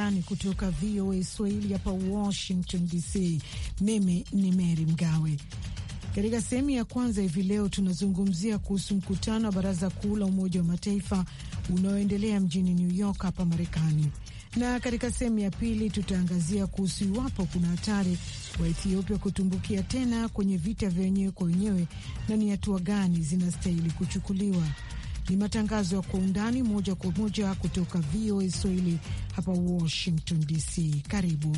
Undani kutoka VOA Swahili hapa Washington DC. Mimi ni Mary Mgawe. Katika sehemu ya kwanza hivi leo tunazungumzia kuhusu mkutano wa Baraza Kuu la Umoja wa Mataifa unaoendelea mjini New York hapa Marekani, na katika sehemu ya pili tutaangazia kuhusu iwapo kuna hatari wa Ethiopia kutumbukia tena kwenye vita vya wenyewe kwa wenyewe na ni hatua gani zinastahili kuchukuliwa. Ni matangazo ya kwa undani moja kwa moja kutoka VOA Swahili hapa Washington DC. Karibu.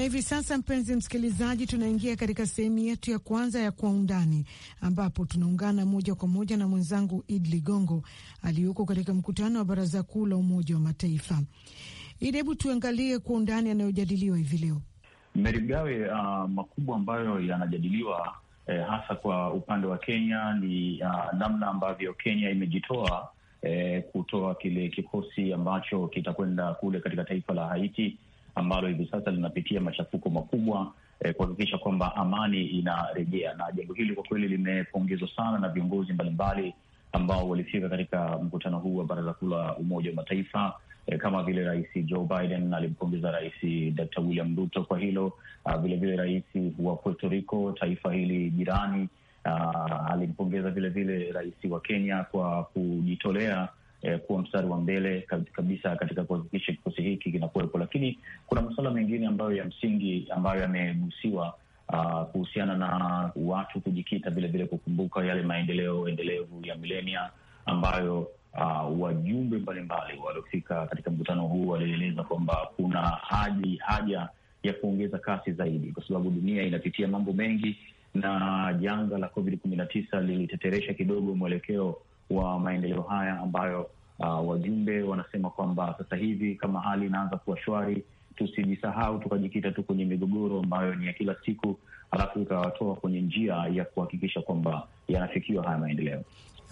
Na hivi sasa, mpenzi msikilizaji, tunaingia katika sehemu yetu ya kwanza ya Kwa Undani, ambapo tunaungana moja kwa moja na mwenzangu Id Ligongo aliyoko katika mkutano wa Baraza Kuu la Umoja wa Mataifa. Id, hebu tuangalie kwa undani yanayojadiliwa hivi leo. Meri mgawe, uh, makubwa ambayo yanajadiliwa eh, hasa kwa upande wa Kenya ni uh, namna ambavyo Kenya imejitoa eh, kutoa kile kikosi ambacho kitakwenda kule katika taifa la Haiti ambalo hivi sasa linapitia machafuko makubwa eh, kuhakikisha kwamba amani inarejea. Na jambo hili kwa kweli limepongezwa sana na viongozi mbalimbali ambao walifika katika mkutano huu wa Baraza Kuu la Umoja wa Mataifa eh, kama vile Rais Joe Biden alimpongeza Rais Dr. William Ruto kwa hilo. Vilevile ah, vile rais wa Puerto Rico, taifa hili jirani, ah, alimpongeza vilevile rais wa Kenya kwa kujitolea eh, kuwa mstari wa mbele kabisa katika kuhakikisha kikosi hiki kinakuwepo, lakini kuna masuala mengine ambayo ya msingi ambayo yamegusiwa Uh, kuhusiana na watu kujikita vilevile kukumbuka yale maendeleo endelevu ya milenia ambayo uh, wajumbe mbalimbali waliofika katika mkutano huu walieleza kwamba kuna haji haja ya kuongeza kasi zaidi, kwa sababu dunia inapitia mambo mengi na janga la COVID kumi na tisa liliteteresha kidogo mwelekeo wa maendeleo haya ambayo uh, wajumbe wanasema kwamba sasa hivi kama hali inaanza kuwa shwari, tusijisahau tukajikita tu kwenye migogoro ambayo ni ya kila siku, alafu ikawatoa kwenye njia ya kuhakikisha kwamba yanafikiwa haya maendeleo.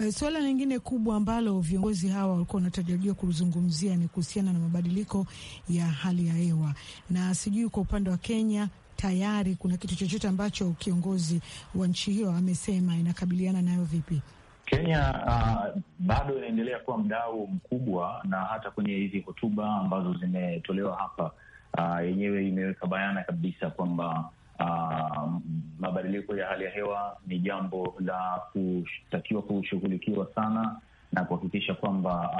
E, suala lingine kubwa ambalo viongozi hawa walikuwa wanatarajia kuzungumzia ni kuhusiana na mabadiliko ya hali ya hewa, na sijui kwa upande wa Kenya tayari kuna kitu chochote ambacho kiongozi wa nchi hiyo amesema inakabiliana nayo vipi? Kenya uh, bado inaendelea kuwa mdau mkubwa, na hata kwenye hizi hotuba ambazo zimetolewa hapa uh, yenyewe imeweka bayana kabisa kwamba uh, mabadiliko ya hali ya hewa ni jambo la kutakiwa kushughulikiwa sana na kuhakikisha kwamba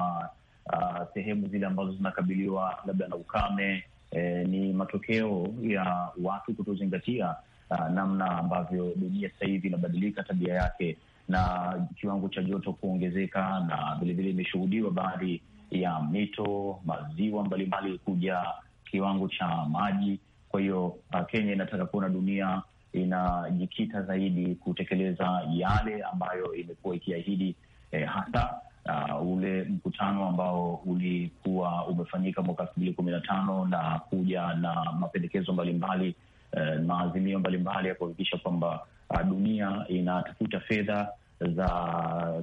sehemu uh, uh, zile ambazo zinakabiliwa labda na ukame eh, ni matokeo ya watu kutozingatia uh, namna ambavyo dunia sasa hivi inabadilika tabia yake na kiwango cha joto kuongezeka, na vilevile imeshuhudiwa baadhi ya mito, maziwa mbalimbali kuja kiwango cha maji. Kwa hiyo uh, Kenya inataka kuona dunia inajikita zaidi kutekeleza yale ambayo imekuwa ikiahidi eh, hasa uh, ule mkutano ambao ulikuwa umefanyika mwaka elfu mbili kumi na tano na kuja na mapendekezo mbalimbali eh, maazimio mbalimbali ya kuhakikisha kwamba uh, dunia inatafuta fedha za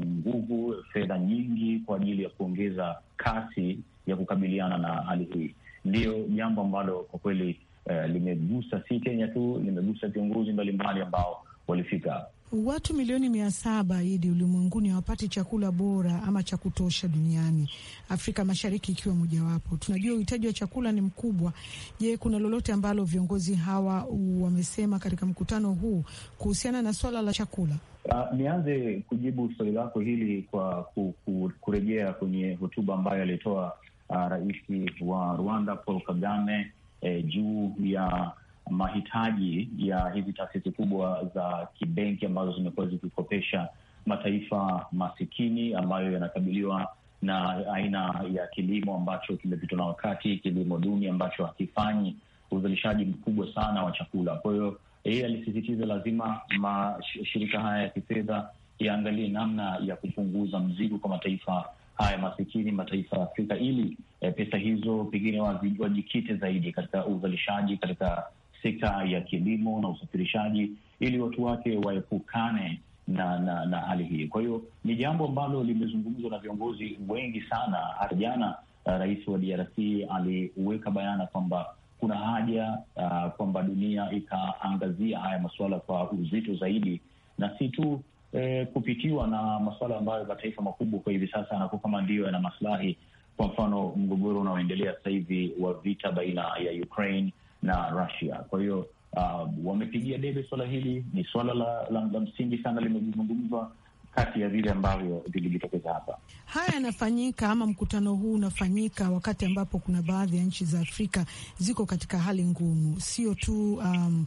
nguvu, fedha nyingi kwa ajili ya kuongeza kasi ya kukabiliana na hali hii. Ndiyo jambo ambalo kwa kweli eh, limegusa si Kenya tu, limegusa viongozi mbalimbali ambao walifika Watu milioni mia saba idi ulimwenguni hawapati chakula bora ama cha kutosha duniani, Afrika Mashariki ikiwa mojawapo. Tunajua uhitaji wa chakula ni mkubwa. Je, kuna lolote ambalo viongozi hawa wamesema katika mkutano huu kuhusiana na swala la chakula? Uh, nianze kujibu swali lako hili kwa ku, ku, kurejea kwenye hotuba ambayo alitoa uh, rais wa Rwanda Paul Kagame eh, juu ya mahitaji ya hizi taasisi kubwa za kibenki ambazo zimekuwa zikikopesha mataifa masikini ambayo yanakabiliwa na aina ya kilimo ambacho kimepitwa na wakati, kilimo duni ambacho hakifanyi uzalishaji mkubwa sana wa chakula. Kwa hiyo yeye alisisitiza lazima mashirika haya ya kifedha yaangalie namna ya kupunguza mzigo kwa mataifa haya masikini, mataifa ya Afrika, ili e, pesa hizo pengine wajikite zaidi katika uzalishaji, katika sekta ya kilimo na usafirishaji, ili watu wake waepukane na na, na hali hii. Kwa hiyo ni jambo ambalo limezungumzwa na viongozi wengi sana. Hata jana uh, rais wa DRC aliweka bayana kwamba kuna haja uh, kwamba dunia ikaangazia haya masuala kwa uzito zaidi na si tu eh, kupitiwa na masuala ambayo mataifa makubwa kwa hivi sasa anakuwa kama ndiyo yana maslahi. Kwa mfano mgogoro unaoendelea sasa hivi wa vita baina ya Ukraine na Russia. Kwa hiyo uh, wamepigia debe swala hili, ni swala la, la, la msingi sana, limezungumzwa kati ya vile ambavyo vilijitokeza hapa. Haya yanafanyika ama mkutano huu unafanyika wakati ambapo kuna baadhi ya nchi za Afrika ziko katika hali ngumu, sio tu um,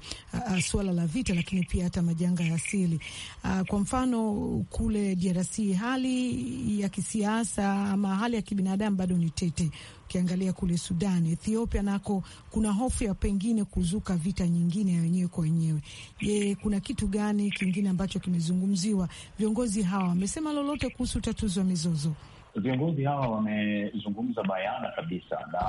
suala la vita, lakini pia hata majanga ya asili. Uh, kwa mfano kule DRC hali ya kisiasa ama hali ya kibinadamu bado ni tete. Ukiangalia kule Sudan, Ethiopia nako kuna hofu ya pengine kuzuka vita nyingine ya wenyewe kwa wenyewe. Je, kuna kitu gani kingine ambacho kimezungumziwa? Viongozi hawa wamesema lolote kuhusu utatuzi wa mizozo? Viongozi hawa wamezungumza bayana kabisa, na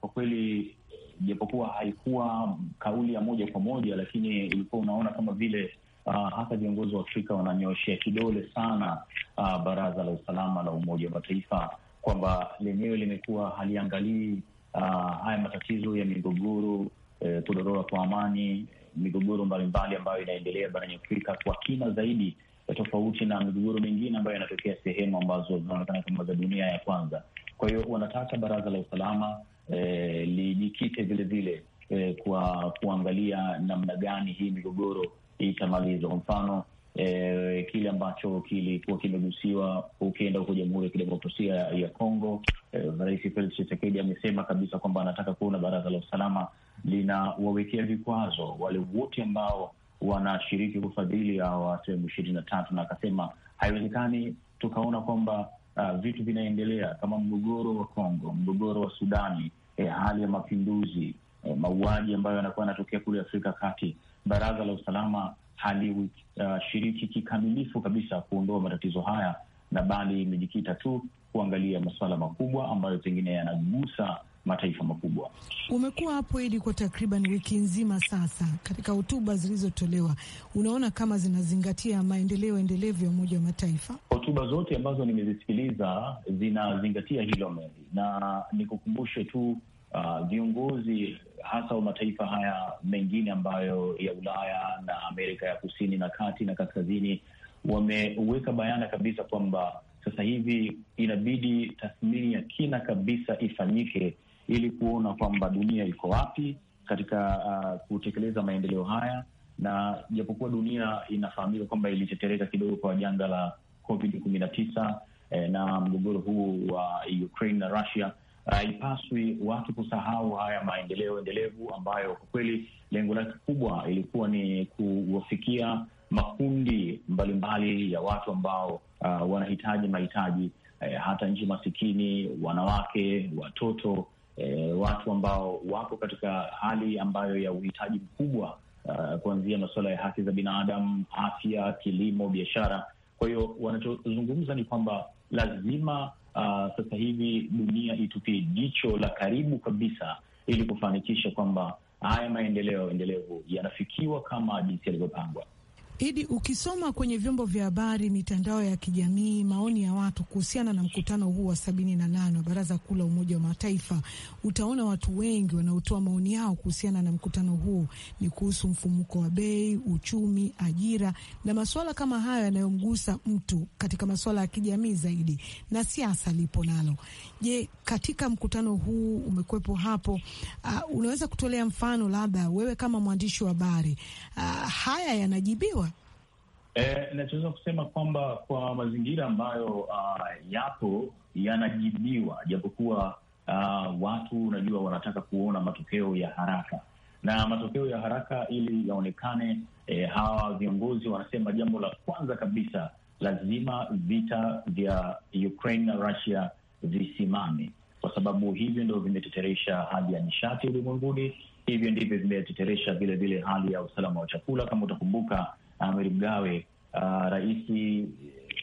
kwa kweli japokuwa haikuwa kauli ya moja kwa moja, lakini ilikuwa unaona kama vile Uh, hata viongozi wa Afrika wananyoshea kidole sana uh, Baraza la Usalama la Umoja wa Mataifa kwamba lenyewe limekuwa haliangalii uh, haya matatizo ya migogoro eh, kudorora kwa amani, migogoro mbalimbali ambayo inaendelea barani Afrika kwa kina zaidi, eh, tofauti na migogoro mingine ambayo inatokea sehemu ambazo zinaonekana kama za dunia ya kwanza. Kwa hiyo wanataka baraza la usalama eh, lijikite vilevile eh, kwa kuangalia namna gani hii migogoro itamalizwa. Kwa mfano eh, kile ambacho kilikuwa kimegusiwa ukienda huko Jamhuri ya Kidemokrasia ya Kongo. Eh, Rais Felix Tshisekedi amesema kabisa kwamba anataka kuona baraza la usalama linawawekea vikwazo wale wote ambao wanashiriki kufadhili hawa watu ishirini na tatu, na akasema haiwezekani tukaona kwamba uh, vitu vinaendelea kama mgogoro wa Kongo, mgogoro wa Sudani, eh, hali ya mapinduzi eh, mauaji ambayo yanakuwa yanatokea kule Afrika Kati, baraza la usalama halishiriki uh, kikamilifu kabisa kuondoa matatizo haya, na bali imejikita tu kuangalia masuala makubwa ambayo pengine yanagusa mataifa makubwa. Umekuwa hapo Idi kwa takriban wiki nzima sasa. Katika hotuba zilizotolewa, unaona kama zinazingatia maendeleo endelevu ya Umoja wa Mataifa? Hotuba zote ambazo nimezisikiliza zinazingatia hilo meli, na nikukumbushe tu uh, viongozi uh, hasa wa mataifa haya mengine ambayo ya Ulaya Amerika ya kusini na kati na kaskazini wameweka bayana kabisa kwamba sasa hivi inabidi tathmini ya kina kabisa ifanyike ili kuona kwamba dunia iko wapi katika uh, kutekeleza maendeleo haya. Na japokuwa dunia inafahamika kwamba ilitetereka kidogo kwa janga la COVID kumi na tisa eh, na mgogoro huu wa uh, Ukraine na Russia, Uh, haipaswi uh, watu kusahau haya maendeleo endelevu ambayo kwa kweli lengo lake kubwa ilikuwa ni kuwafikia makundi mbalimbali mbali ya watu ambao uh, wanahitaji mahitaji uh, hata nchi masikini, wanawake, watoto uh, watu ambao wako katika hali ambayo ya uhitaji mkubwa uh, kuanzia masuala ya haki za binadamu, afya, kilimo, biashara. Kwa hiyo wanachozungumza ni kwamba lazima uh, sasa hivi dunia itupie jicho la karibu kabisa ili kufanikisha kwamba haya maendeleo endelevu yanafikiwa kama jinsi yalivyopangwa. Idi, ukisoma kwenye vyombo vya habari, mitandao ya kijamii, maoni ya watu kuhusiana na mkutano huu wa sabini na nane wa Baraza Kuu la Umoja wa Mataifa, utaona watu wengi wanaotoa maoni yao kuhusiana na mkutano huu ni kuhusu mfumuko wa bei, uchumi, ajira na masuala kama hayo yanayomgusa mtu katika masuala ya kijamii zaidi, na siasa lipo nalo. Je, katika mkutano huu umekwepo hapo, uh, unaweza kutolea mfano labda wewe kama mwandishi wa habari, uh, haya yanajibiwa E, nachoweza kusema kwamba kwa mazingira ambayo uh, yapo yanajibiwa, japokuwa uh, watu unajua wanataka kuona matokeo ya haraka na matokeo ya haraka ili yaonekane. E, hawa viongozi wanasema jambo la kwanza kabisa lazima vita vya Ukraine na Russia visimame, kwa sababu hivyo ndio vimeteteresha hali ya nishati ulimwenguni, hivyo ndivyo vimeteteresha vilevile hali ya usalama wa chakula. Kama utakumbuka Amir Mgawe, uh, rais eh,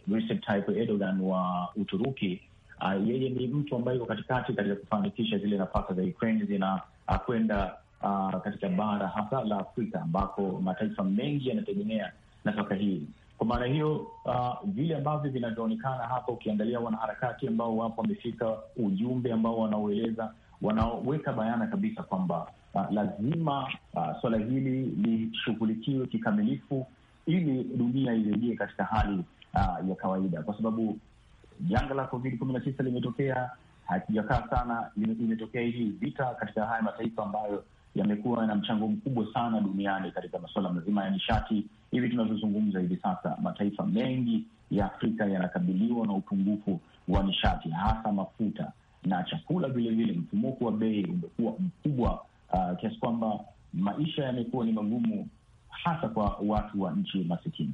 Recep Tayyip Erdogan wa Uturuki. Uh, yeye ni mtu ambaye yuko katikati katika kufanikisha zile nafaka za Ukraine zinakwenda uh, uh, katika bara hasa la Afrika ambako mataifa mengi yanategemea nafaka hii. Kwa maana hiyo uh, vile ambavyo vinavyoonekana hapa, ukiangalia wanaharakati ambao wapo wamefika, ujumbe ambao wanaoeleza, wanaoweka bayana kabisa kwamba uh, lazima uh, swala hili lishughulikiwe kikamilifu ili dunia irejee katika hali uh, ya kawaida, kwa sababu janga la Covid kumi na tisa limetokea, hakijakaa sana, limetokea hivi vita katika haya mataifa ambayo yamekuwa na mchango mkubwa sana duniani katika masuala mazima ya nishati. Hivi tunavyozungumza hivi sasa, mataifa mengi ya Afrika yanakabiliwa na upungufu wa nishati, hasa mafuta na chakula vilevile. Mfumuko wa bei umekuwa mkubwa uh, kiasi kwamba maisha yamekuwa ni magumu hasa kwa watu wa nchi masikini.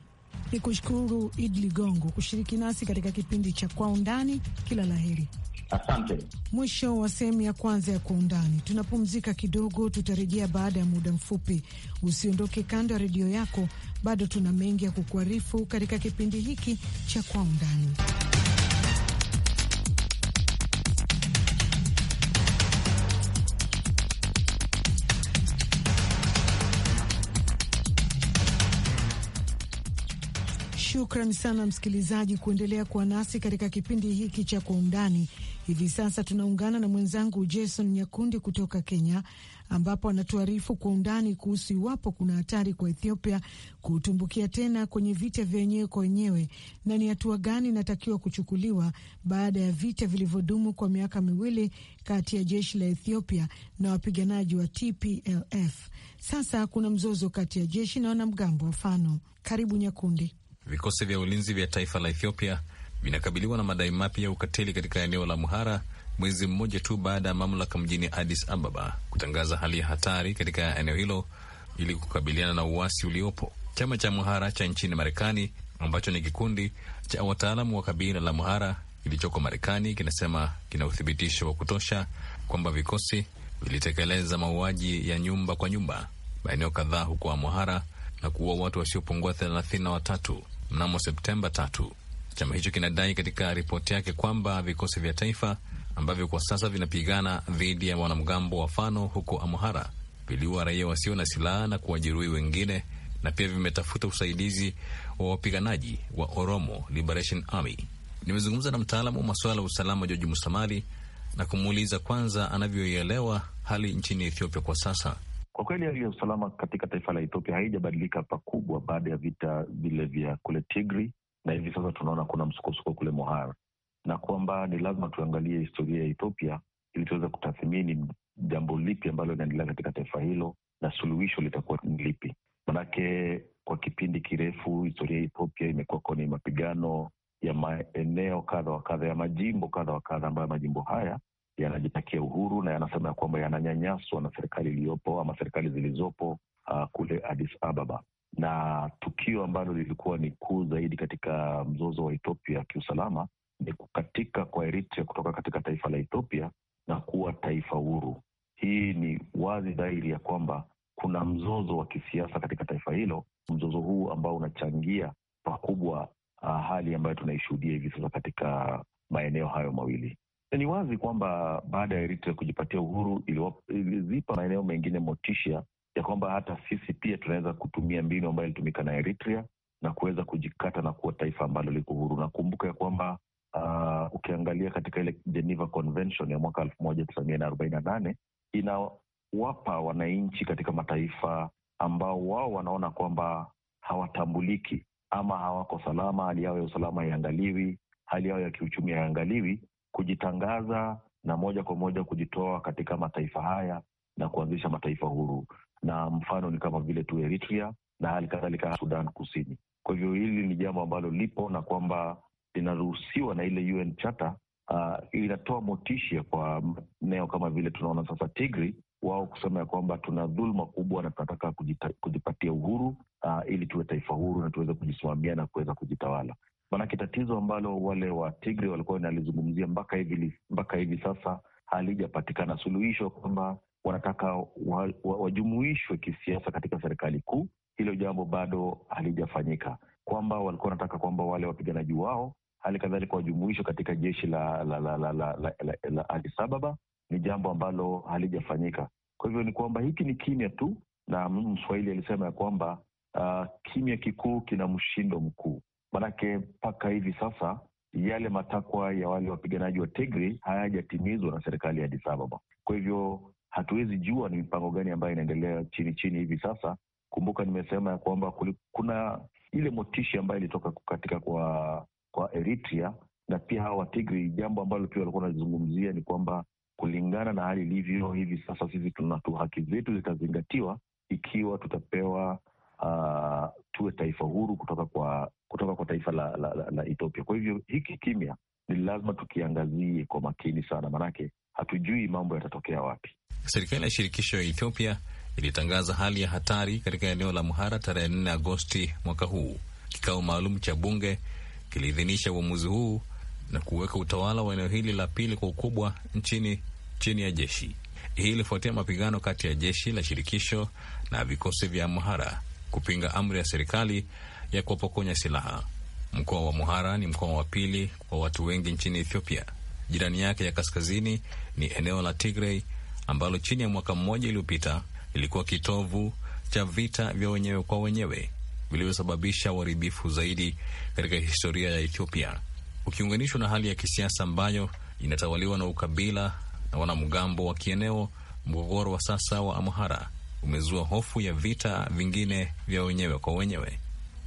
Ni kushukuru Idi Ligongo kushiriki nasi katika kipindi cha Kwa Undani. Kila la heri asante. Mwisho wa sehemu ya kwanza ya Kwa Undani, tunapumzika kidogo, tutarejea baada ya muda mfupi. Usiondoke kando ya redio yako, bado tuna mengi ya kukuarifu katika kipindi hiki cha Kwa Undani. Shukran sana msikilizaji kuendelea kuwa nasi katika kipindi hiki cha Kwa Undani. Hivi sasa tunaungana na mwenzangu Jason Nyakundi kutoka Kenya, ambapo anatuarifu kwa undani kuhusu iwapo kuna hatari kwa Ethiopia kutumbukia tena kwenye vita vya wenyewe kwa wenyewe na ni hatua gani inatakiwa kuchukuliwa baada ya vita vilivyodumu kwa miaka miwili kati ya jeshi la Ethiopia na wapiganaji wa TPLF. Sasa kuna mzozo kati ya jeshi na wanamgambo wa Fano. Karibu Nyakundi. Vikosi vya ulinzi vya taifa la Ethiopia vinakabiliwa na madai mapya ya ukatili katika eneo la Muhara mwezi mmoja tu baada ya mamlaka mjini Addis Ababa kutangaza hali ya hatari katika eneo hilo ili kukabiliana na uasi uliopo. Chama cha Muhara cha nchini Marekani ambacho ni kikundi cha wataalamu wa kabila la Muhara kilichoko Marekani kinasema kina uthibitisho wa kutosha kwamba vikosi vilitekeleza mauaji ya nyumba kwa nyumba maeneo kadhaa huko Amhara na kuua watu wasiopungua thelathini na watatu mnamo Septemba tatu. Chama hicho kinadai katika ripoti yake kwamba vikosi vya taifa ambavyo kwa sasa vinapigana dhidi ya wanamgambo wa Fano huko Amhara viliua raia wasio na silaha na kuwajeruhi wengine na pia vimetafuta usaidizi wa wapiganaji wa Oromo Liberation Army. Nimezungumza na mtaalamu wa masuala ya usalama Joji Musamali na kumuuliza kwanza anavyoielewa hali nchini Ethiopia kwa sasa kwa kweli hali ya usalama katika taifa la Ethiopia haijabadilika pakubwa baada ya vita vile vya kule Tigri, na hivi sasa tunaona kuna msukosuko kule Mohar, na kwamba ni lazima tuangalie historia ya Ethiopia ili tuweze kutathimini jambo lipi ambalo linaendelea katika taifa hilo na suluhisho litakuwa ni lipi. Manake kwa kipindi kirefu historia ya Ethiopia imekuwa kwenye mapigano ya maeneo kadha wa kadha, ya majimbo kadha wa kadha, ambayo majimbo haya yanajitakia uhuru na yanasema ya kwamba yananyanyaswa na serikali iliyopo ama serikali zilizopo uh, kule Addis Ababa, na tukio ambalo lilikuwa ni kuu zaidi katika mzozo wa Ethiopia kiusalama ni kukatika kwa Eritrea kutoka katika taifa la Ethiopia na kuwa taifa huru. Hii ni wazi dhahiri ya kwamba kuna mzozo wa kisiasa katika taifa hilo, mzozo huu ambao unachangia pakubwa uh, hali ambayo tunaishuhudia hivi sasa katika maeneo hayo mawili. Ni wazi kwamba baada ya Eritrea kujipatia uhuru ilizipa maeneo mengine motisha ya kwamba hata sisi pia tunaweza kutumia mbinu ambayo ilitumika na Eritrea na kuweza kujikata na kuwa taifa ambalo liko huru. Nakumbuka ya kwamba uh, ukiangalia katika ile Geneva Convention ya mwaka elfu moja tisa mia na arobaini na nane inawapa wananchi katika mataifa ambao wao wanaona kwamba hawatambuliki ama hawako salama, hali yao ya usalama haiangaliwi, hali yao ya kiuchumi haiangaliwi, kujitangaza na moja kwa moja kujitoa katika mataifa haya na kuanzisha mataifa huru, na mfano ni kama vile tu Eritrea na hali kadhalika Sudan Kusini. Kwa hivyo hili ni jambo ambalo lipo na kwamba linaruhusiwa na ile UN Charter. Uh, inatoa motisha kwa eneo kama vile tunaona sasa Tigri wao kusema ya kwamba tuna dhuluma kubwa na tunataka kujipatia uhuru uh, ili tuwe taifa huru na tuweze kujisimamia na kuweza kujitawala. Maanake tatizo ambalo wale wa Tigre walikuwa wanalizungumzia mpaka hivi mpaka hivi sasa halijapatikana suluhisho, kwamba wanataka wa, wa, wajumuishwe kisiasa katika serikali kuu. Hilo jambo bado halijafanyika, kwamba walikuwa wanataka kwamba wale wapiganaji wao hali kadhalika wajumuishwe katika jeshi la la la la, la, la, la, la Addis Ababa. Ni jambo ambalo halijafanyika. Kwa hivyo ni kwamba hiki ni kimya tu, na Mswahili alisema ya kwamba uh, kimya kikuu kina mshindo mkuu. Manake mpaka hivi sasa yale matakwa ya wale wapiganaji wa Tigray hayajatimizwa na serikali ya Addis Ababa. Kwa hivyo hatuwezi jua ni mipango gani ambayo inaendelea chini chini hivi sasa. Kumbuka nimesema ya kwamba kuna ile motishi ambayo ilitoka katika kwa kwa Eritrea na pia hawa Watigri. Jambo ambalo pia walikuwa wanazungumzia ni kwamba kulingana na hali ilivyo hivi sasa, sisi tuna tu haki zetu zitazingatiwa ikiwa tutapewa uh, tuwe taifa huru kutoka kwa kutoka kwa taifa la, la, la, la Ethiopia. Kwa hivyo hiki kimya ni lazima tukiangazie kwa makini sana, maanake hatujui mambo yatatokea wapi. Serikali ya shirikisho ya Ethiopia ilitangaza hali ya hatari katika eneo la Mhara tarehe nne Agosti mwaka huu. Kikao maalum cha bunge kiliidhinisha uamuzi huu na kuweka utawala wa eneo hili la pili kwa ukubwa nchini chini ya jeshi. Hii ilifuatia mapigano kati ya jeshi la shirikisho na vikosi vya mhara kupinga amri ya serikali ya kuwapokonya silaha. Mkoa wa Muhara ni mkoa wa pili kwa watu wengi nchini Ethiopia. Jirani yake ya kaskazini ni eneo la Tigray ambalo chini ya mwaka mmoja iliyopita ilikuwa kitovu cha vita vya wenyewe kwa wenyewe vilivyosababisha uharibifu zaidi katika historia ya Ethiopia, ukiunganishwa na hali ya kisiasa ambayo inatawaliwa na ukabila na wanamgambo wa kieneo. Mgogoro wa sasa wa Amhara umezua hofu ya vita vingine vya wenyewe kwa wenyewe.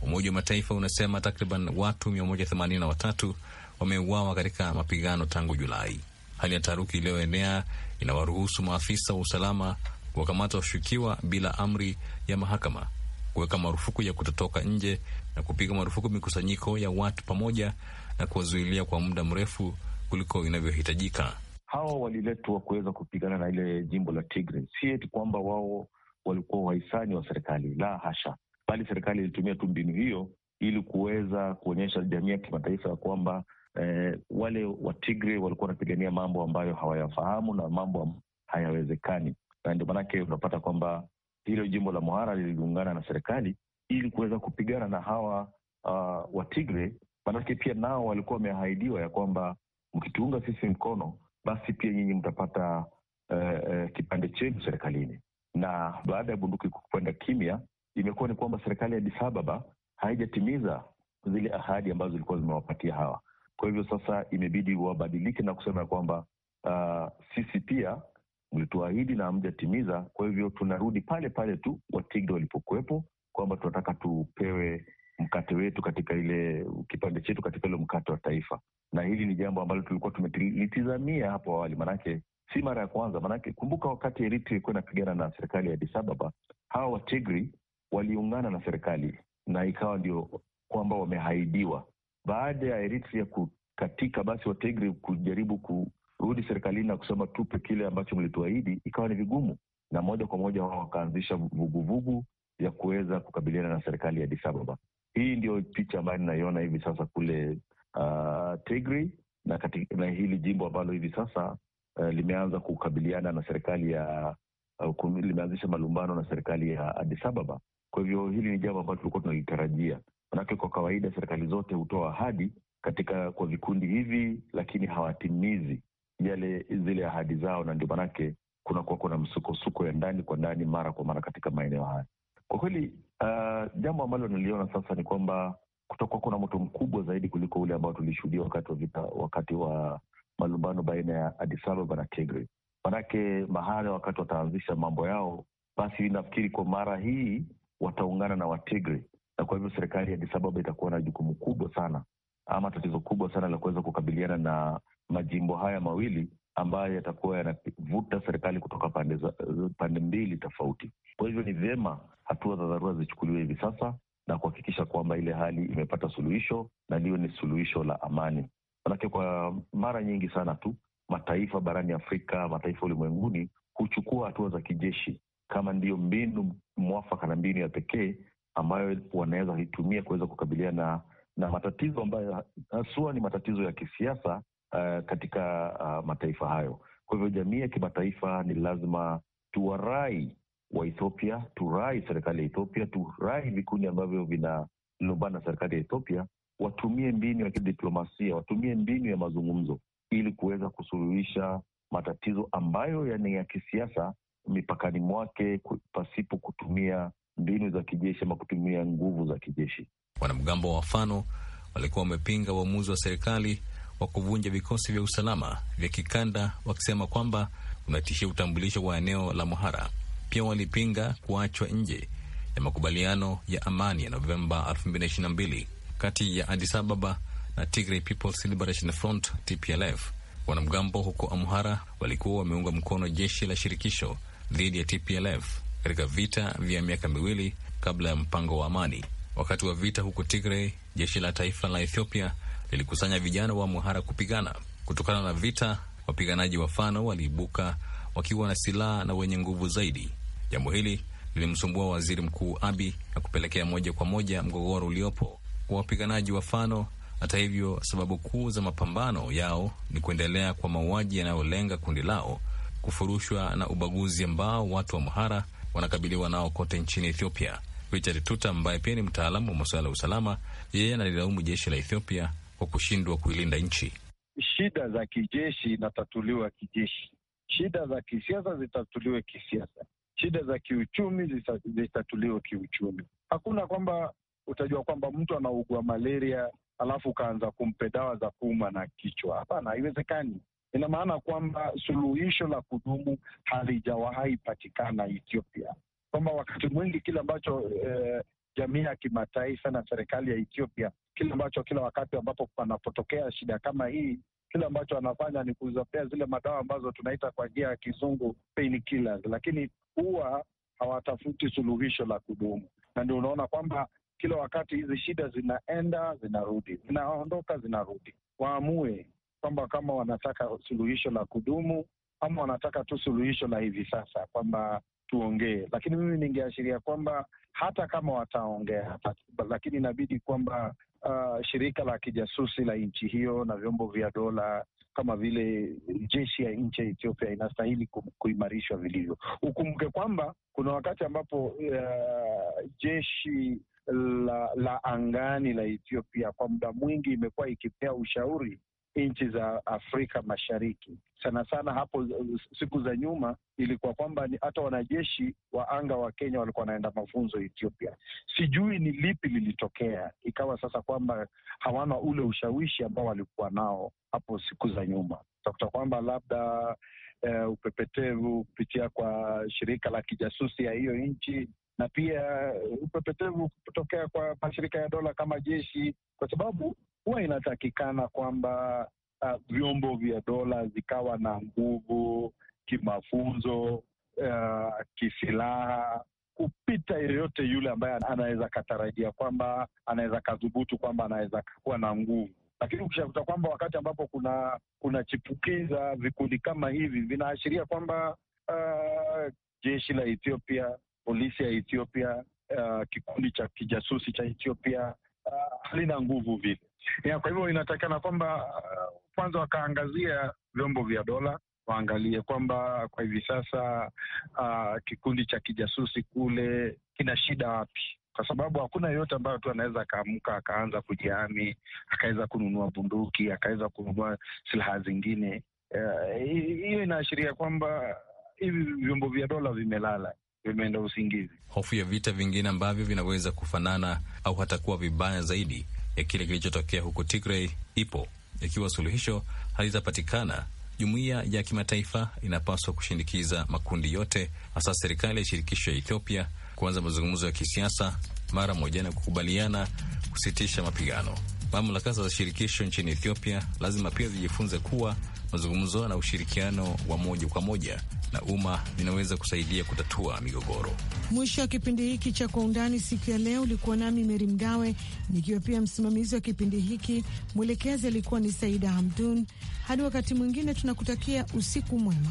Umoja wa Mataifa unasema takriban watu 183 wameuawa katika mapigano tangu Julai. Hali ya taharuki iliyoenea inawaruhusu maafisa wa usalama kuwakamata washukiwa bila amri ya mahakama, kuweka marufuku ya kutotoka nje na kupiga marufuku mikusanyiko ya watu pamoja na kuwazuilia kwa muda mrefu kuliko inavyohitajika. Hawa waliletwa kuweza kupigana na ile jimbo la Tigray, si eti kwamba wao walikuwa wahisani wa serikali. La hasha, bali serikali ilitumia tu mbinu hiyo ili kuweza kuonyesha jamii ya kimataifa ya kwamba eh, wale Watigre walikuwa wanapigania mambo ambayo hawayafahamu na mambo hayawezekani, na ndio maanake unapata kwamba hilo jimbo la Mhara liliungana na serikali ili kuweza kupigana na hawa uh, ah, Watigre. Maanake pia nao walikuwa wameahidiwa ya kwamba mkituunga sisi mkono, basi pia nyinyi mtapata uh, uh, kipande chenu serikalini na baada ya bunduki kwenda kimya, imekuwa ni kwamba serikali ya Addis Ababa haijatimiza zile ahadi ambazo zilikuwa zimewapatia hawa. Kwa hivyo sasa imebidi wabadilike na kusema ya kwamba uh, sisi pia mlituahidi na hamjatimiza, kwa hivyo tunarudi pale pale tu Watigre walipokuwepo, kwamba tunataka tupewe mkate wetu katika ile kipande chetu katika ile mkate wa taifa. Na hili ni jambo ambalo tulikuwa tumelitizamia hapo awali, maanake si mara ya kwanza. Maanake kumbuka wakati Eritrea ilikuwa inapigana na serikali ya Addis Ababa, hawa Watigri waliungana na serikali na ikawa ndio kwamba wamehaidiwa. Baada ya Eritrea kukatika, basi Watigri kujaribu kurudi serikalini na kusema tupe kile ambacho mlituahidi, ikawa ni vigumu, na moja kwa moja wao wakaanzisha vuguvugu ya kuweza kukabiliana na serikali ya Addis Ababa. Hii ndio picha ambayo ninaiona hivi sasa kule uh, Tigray na, katika, na hili jimbo ambalo hivi sasa Eh, limeanza kukabiliana na serikali ya uh, limeanzisha malumbano na serikali ya Addis Ababa. Kwa hivyo hili ni jambo ambalo tulikuwa tunalitarajia, manake kwa kawaida serikali zote hutoa ahadi katika kwa vikundi hivi, lakini hawatimizi yale zile ahadi zao, na ndio manake kunakuwa kuna msukosuko ya ndani kwa ndani mara kwa mara katika maeneo haya. Kwa kweli uh, jambo ambalo niliona sasa ni kwamba kutakuwa kuna moto mkubwa zaidi kuliko ule ambao tulishuhudia wakati wa vita, wakati wa malumbano baina ya Addis Ababa na Tigray. Manake mahala wakati wataanzisha mambo yao, basi nafikiri kwa mara hii wataungana na Watigray, na kwa hivyo serikali ya Addis Ababa itakuwa na jukumu kubwa sana ama tatizo kubwa sana la kuweza kukabiliana na majimbo haya mawili ambayo yatakuwa yanavuta serikali kutoka pande, pande mbili tofauti. Kwa hivyo ni vyema hatua za dharura zichukuliwe hivi sasa na kuhakikisha kwamba ile hali imepata suluhisho na liwe ni suluhisho la amani. Manake kwa mara nyingi sana tu mataifa barani Afrika, mataifa ulimwenguni huchukua hatua za kijeshi kama ndiyo mbinu mwafaka na mbinu ya pekee ambayo wanaweza kuitumia kuweza kukabiliana na, na matatizo ambayo haswa ni matatizo ya kisiasa uh, katika uh, mataifa hayo. Kwa hivyo jamii ya kimataifa ni lazima tuwarai wa Ethiopia, turai serikali ya Ethiopia, turai vikundi ambavyo vinalumbana na serikali ya Ethiopia watumie mbinu ya kidiplomasia, watumie mbinu ya mazungumzo ili kuweza kusuluhisha matatizo ambayo yani ya kisiasa mipakani mwake pasipo kutumia mbinu za kijeshi ama kutumia nguvu za kijeshi. Wanamgambo wa Fano walikuwa wamepinga uamuzi wa serikali wa kuvunja vikosi vya usalama vya kikanda wakisema kwamba unatishia utambulisho wa eneo la mhara Pia walipinga kuachwa nje ya makubaliano ya amani ya Novemba kati ya Addis Ababa na Tigray People's Liberation Front TPLF. Wanamgambo huko Amhara walikuwa wameunga mkono jeshi la shirikisho dhidi ya TPLF katika vita vya miaka miwili kabla ya mpango wa amani. Wakati wa vita huko Tigray, jeshi la taifa la Ethiopia lilikusanya vijana wa Amhara kupigana. Kutokana na vita, wapiganaji wa Fano waliibuka wakiwa na silaha na wenye nguvu zaidi. Jambo hili lilimsumbua waziri mkuu Abi na kupelekea moja kwa moja mgogoro uliopo wa wapiganaji wa Fano. Hata hivyo, sababu kuu za mapambano yao ni kuendelea kwa mauaji yanayolenga kundi lao, kufurushwa na ubaguzi ambao watu wa Mhara wanakabiliwa nao kote nchini Ethiopia. Richard Tuta ambaye pia ni mtaalamu wa masuala ya usalama, yeye analilaumu jeshi la Ethiopia kwa kushindwa kuilinda nchi. Shida za kijeshi inatatuliwa kijeshi, shida za kisiasa zitatuliwe kisiasa, shida za kiuchumi zitatuliwe kiuchumi. Hakuna kwamba utajua kwamba mtu anaugua malaria alafu ukaanza kumpe dawa za kuuma na kichwa. Hapana, haiwezekani. Ina maana kwamba suluhisho la kudumu halijawahi patikana Ethiopia, kwamba wakati mwingi kile ambacho eh, jamii ya kimataifa na serikali ya Ethiopia, kile ambacho kila wakati ambapo panapotokea shida kama hii, kile ambacho anafanya ni kuzapea zile madawa ambazo tunaita kwa njia ya kizungu lakini huwa hawatafuti suluhisho la kudumu, na ndio unaona kwamba kila wakati hizi shida zinaenda zinarudi, zinaondoka zinarudi. Waamue kwamba kama wanataka suluhisho la kudumu ama wanataka tu suluhisho la hivi sasa, kwamba tuongee. Lakini mimi ningeashiria kwamba hata kama wataongea, lakini inabidi kwamba uh, shirika la kijasusi la nchi hiyo na vyombo vya dola kama vile jeshi ya nchi ya Ethiopia inastahili kuimarishwa vilivyo. Ukumbuke kwamba kuna wakati ambapo uh, jeshi la, la angani la Ethiopia kwa muda mwingi imekuwa ikipea ushauri nchi za Afrika Mashariki sana sana. Hapo siku za nyuma ilikuwa kwamba hata wanajeshi wa anga wa Kenya walikuwa wanaenda mafunzo Ethiopia. Sijui ni lipi lilitokea ikawa sasa kwamba hawana ule ushawishi ambao walikuwa nao hapo siku za nyuma. Utakuta kwamba labda uh, upepetevu kupitia kwa shirika la kijasusi ya hiyo nchi na pia uh, upepetevu kutokea kwa mashirika ya dola kama jeshi, kwa sababu huwa inatakikana kwamba uh, vyombo vya dola zikawa na nguvu kimafunzo, uh, kisilaha kupita yeyote yule ambaye anaweza katarajia kwamba anaweza kadhubutu kwamba anaweza kuwa na nguvu lakini ukishakuta kwamba wakati ambapo kuna kuna chipukiza vikundi kama hivi vinaashiria kwamba uh, jeshi la Ethiopia polisi ya Ethiopia, uh, kikundi cha kijasusi cha Ethiopia uh, halina nguvu vile. Kwa hivyo inatakikana kwamba uh, kwanza uh, wakaangazia vyombo vya dola waangalie kwamba kwa hivi sasa uh, kikundi cha kijasusi kule kina shida wapi, kwa sababu hakuna yeyote ambayo tu anaweza akaamka akaanza kujihami akaweza kununua bunduki akaweza kununua silaha zingine. Uh, hiyo uh, inaashiria kwamba hivi vyombo vya dola vimelala vimeenda usingizi. Hofu ya vita vingine ambavyo vinaweza kufanana au hata kuwa vibaya zaidi ya kile kilichotokea huko Tigray ipo. Ikiwa suluhisho halitapatikana, jumuiya ya kimataifa inapaswa kushinikiza makundi yote, hasa serikali ya shirikisho ya Ethiopia kuanza mazungumzo ya kisiasa mara moja na kukubaliana kusitisha mapigano. Mamlaka za shirikisho nchini Ethiopia lazima pia zijifunze kuwa mazungumzo na ushirikiano wa moja kwa moja na umma vinaweza kusaidia kutatua migogoro. Mwisho wa kipindi hiki cha Kwa Undani siku ya leo, ulikuwa nami Meri Mgawe nikiwa pia msimamizi wa kipindi hiki. Mwelekezi alikuwa ni Saida Hamdun. Hadi wakati mwingine, tunakutakia usiku mwema.